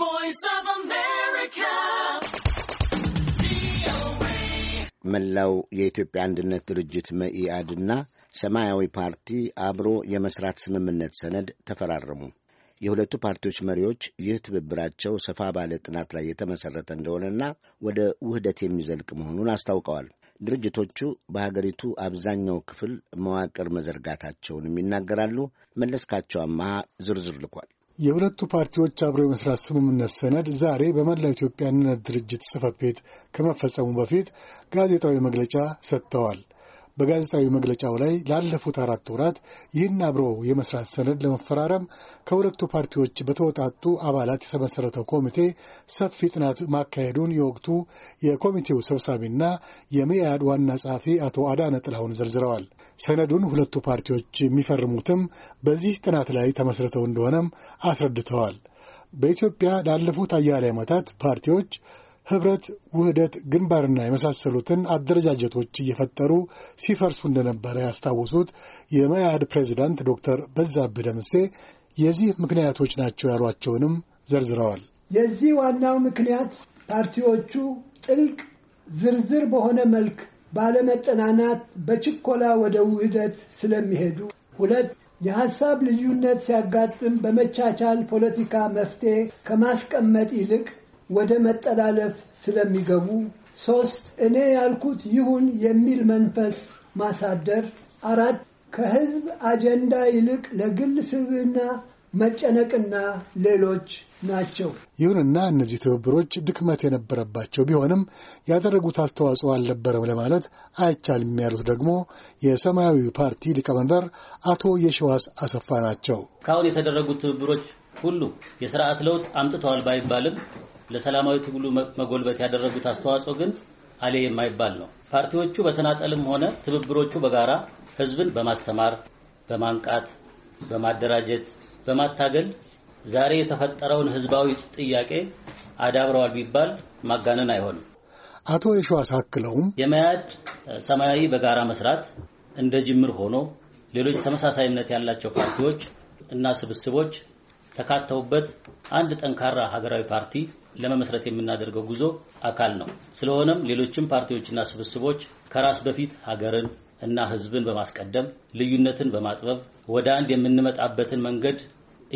voice መላው የኢትዮጵያ አንድነት ድርጅት መኢአድና ሰማያዊ ፓርቲ አብሮ የመስራት ስምምነት ሰነድ ተፈራረሙ። የሁለቱ ፓርቲዎች መሪዎች ይህ ትብብራቸው ሰፋ ባለ ጥናት ላይ የተመሠረተ እንደሆነና ወደ ውህደት የሚዘልቅ መሆኑን አስታውቀዋል። ድርጅቶቹ በሀገሪቱ አብዛኛው ክፍል መዋቅር መዘርጋታቸውንም ይናገራሉ። መለስካቸው አመሃ ዝርዝር ልኳል። የሁለቱ ፓርቲዎች አብሮ የመስራት ስምምነት ሰነድ ዛሬ በመላው ኢትዮጵያ አንድነት ድርጅት ጽህፈት ቤት ከመፈጸሙ በፊት ጋዜጣዊ መግለጫ ሰጥተዋል። በጋዜጣዊ መግለጫው ላይ ላለፉት አራት ወራት ይህን አብሮ የመስራት ሰነድ ለመፈራረም ከሁለቱ ፓርቲዎች በተወጣጡ አባላት የተመሠረተው ኮሚቴ ሰፊ ጥናት ማካሄዱን የወቅቱ የኮሚቴው ሰብሳቢና የመያድ ዋና ጸሐፊ አቶ አዳነ ጥላሁን ዘርዝረዋል። ሰነዱን ሁለቱ ፓርቲዎች የሚፈርሙትም በዚህ ጥናት ላይ ተመስርተው እንደሆነም አስረድተዋል። በኢትዮጵያ ላለፉት አያሌ ዓመታት ፓርቲዎች ህብረት፣ ውህደት፣ ግንባርና የመሳሰሉትን አደረጃጀቶች እየፈጠሩ ሲፈርሱ እንደነበረ ያስታወሱት የመያድ ፕሬዚዳንት ዶክተር በዛብህ ደምሴ የዚህ ምክንያቶች ናቸው ያሏቸውንም ዘርዝረዋል። የዚህ ዋናው ምክንያት ፓርቲዎቹ ጥልቅ ዝርዝር በሆነ መልክ ባለመጠናናት በችኮላ ወደ ውህደት ስለሚሄዱ፣ ሁለት የሐሳብ ልዩነት ሲያጋጥም በመቻቻል ፖለቲካ መፍትሄ ከማስቀመጥ ይልቅ ወደ መጠላለፍ ስለሚገቡ፣ ሶስት እኔ ያልኩት ይሁን የሚል መንፈስ ማሳደር፣ አራት ከህዝብ አጀንዳ ይልቅ ለግል ስብዕና መጨነቅና ሌሎች ናቸው። ይሁንና እነዚህ ትብብሮች ድክመት የነበረባቸው ቢሆንም ያደረጉት አስተዋጽኦ አልነበረም ለማለት አይቻልም ያሉት ደግሞ የሰማያዊ ፓርቲ ሊቀመንበር አቶ የሸዋስ አሰፋ ናቸው። እስካሁን የተደረጉት ትብብሮች ሁሉ የስርዓት ለውጥ አምጥተዋል ባይባልም ለሰላማዊ ትግሉ መጎልበት ያደረጉት አስተዋጽኦ ግን አሌ የማይባል ነው። ፓርቲዎቹ በተናጠልም ሆነ ትብብሮቹ በጋራ ህዝብን በማስተማር በማንቃት፣ በማደራጀት፣ በማታገል ዛሬ የተፈጠረውን ህዝባዊ ጥያቄ አዳብረዋል ቢባል ማጋነን አይሆንም። አቶ የሸዋስ አክለውም የመያድ ሰማያዊ በጋራ መስራት እንደ ጅምር ሆኖ ሌሎች ተመሳሳይነት ያላቸው ፓርቲዎች እና ስብስቦች ተካተውበት አንድ ጠንካራ ሀገራዊ ፓርቲ ለመመስረት የምናደርገው ጉዞ አካል ነው። ስለሆነም ሌሎችም ፓርቲዎችና ስብስቦች ከራስ በፊት ሀገርን እና ሕዝብን በማስቀደም ልዩነትን በማጥበብ ወደ አንድ የምንመጣበትን መንገድ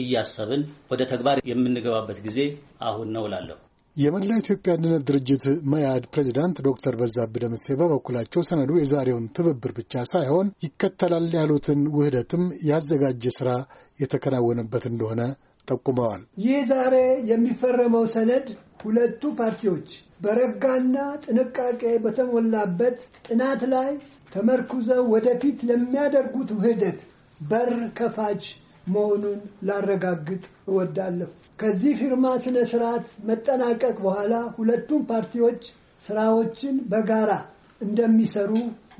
እያሰብን ወደ ተግባር የምንገባበት ጊዜ አሁን ነው እላለሁ። የመላ ኢትዮጵያ አንድነት ድርጅት መያድ ፕሬዚዳንት ዶክተር በዛብህ ደምሴ በበኩላቸው ሰነዱ የዛሬውን ትብብር ብቻ ሳይሆን ይከተላል ያሉትን ውህደትም ያዘጋጀ ስራ የተከናወነበት እንደሆነ ጠቁመዋል። ይህ ዛሬ የሚፈረመው ሰነድ ሁለቱ ፓርቲዎች በረጋና ጥንቃቄ በተሞላበት ጥናት ላይ ተመርኩዘው ወደፊት ለሚያደርጉት ውህደት በር ከፋች መሆኑን ላረጋግጥ እወዳለሁ። ከዚህ ፊርማ ስነ ስርዓት መጠናቀቅ በኋላ ሁለቱም ፓርቲዎች ስራዎችን በጋራ እንደሚሰሩ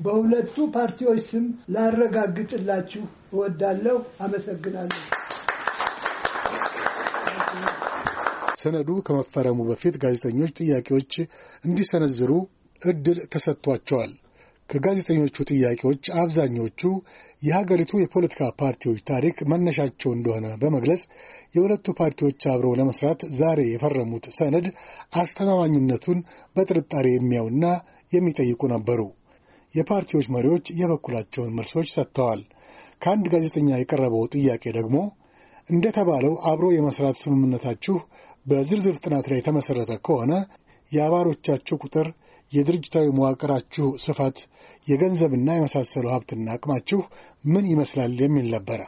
በሁለቱ ፓርቲዎች ስም ላረጋግጥላችሁ እወዳለሁ። አመሰግናለሁ። ሰነዱ ከመፈረሙ በፊት ጋዜጠኞች ጥያቄዎች እንዲሰነዝሩ እድል ተሰጥቷቸዋል። ከጋዜጠኞቹ ጥያቄዎች አብዛኞቹ የሀገሪቱ የፖለቲካ ፓርቲዎች ታሪክ መነሻቸው እንደሆነ በመግለጽ የሁለቱ ፓርቲዎች አብረው ለመስራት ዛሬ የፈረሙት ሰነድ አስተማማኝነቱን በጥርጣሬ የሚያዩና የሚጠይቁ ነበሩ። የፓርቲዎች መሪዎች የበኩላቸውን መልሶች ሰጥተዋል። ከአንድ ጋዜጠኛ የቀረበው ጥያቄ ደግሞ እንደተባለው አብሮ የመስራት ስምምነታችሁ በዝርዝር ጥናት ላይ የተመሠረተ ከሆነ የአባሎቻችሁ ቁጥር፣ የድርጅታዊ መዋቅራችሁ ስፋት፣ የገንዘብና የመሳሰሉ ሀብትና አቅማችሁ ምን ይመስላል የሚል ነበረ።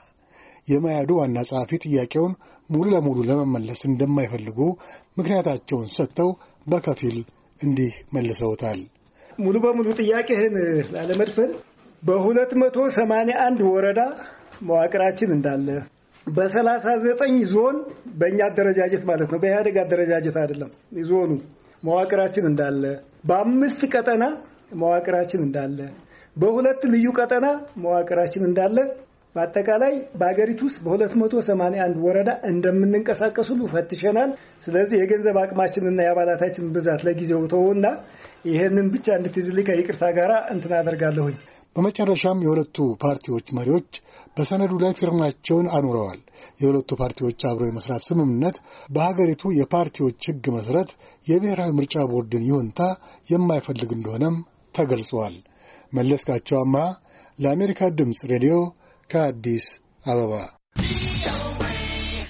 የመያዱ ዋና ጸሐፊ ጥያቄውን ሙሉ ለሙሉ ለመመለስ እንደማይፈልጉ ምክንያታቸውን ሰጥተው በከፊል እንዲህ መልሰውታል። ሙሉ በሙሉ ጥያቄህን ላለመድፈን በሁለት መቶ ሰማንያ አንድ ወረዳ መዋቅራችን እንዳለ በሰላሳ ዘጠኝ ዞን በእኛ አደረጃጀት ማለት ነው፣ በኢህአደግ አደረጃጀት አይደለም። ዞኑ መዋቅራችን እንዳለ በአምስት ቀጠና መዋቅራችን እንዳለ በሁለት ልዩ ቀጠና መዋቅራችን እንዳለ በአጠቃላይ በሀገሪቱ ውስጥ በ281 ወረዳ እንደምንንቀሳቀስ ሁሉ ፈትሸናል። ስለዚህ የገንዘብ አቅማችንና የአባላታችን ብዛት ለጊዜው ተውና ይህንን ብቻ እንድትዝልከ ከይቅርታ ጋራ እንትን አደርጋለሁኝ። በመጨረሻም የሁለቱ ፓርቲዎች መሪዎች በሰነዱ ላይ ፊርማቸውን አኑረዋል። የሁለቱ ፓርቲዎች አብሮ የመስራት ስምምነት በሀገሪቱ የፓርቲዎች ሕግ መሠረት የብሔራዊ ምርጫ ቦርድን ይሁንታ የማይፈልግ እንደሆነም ተገልጿል። መለስካቸው አማ ለአሜሪካ ድምፅ ሬዲዮ ከአዲስ አበባ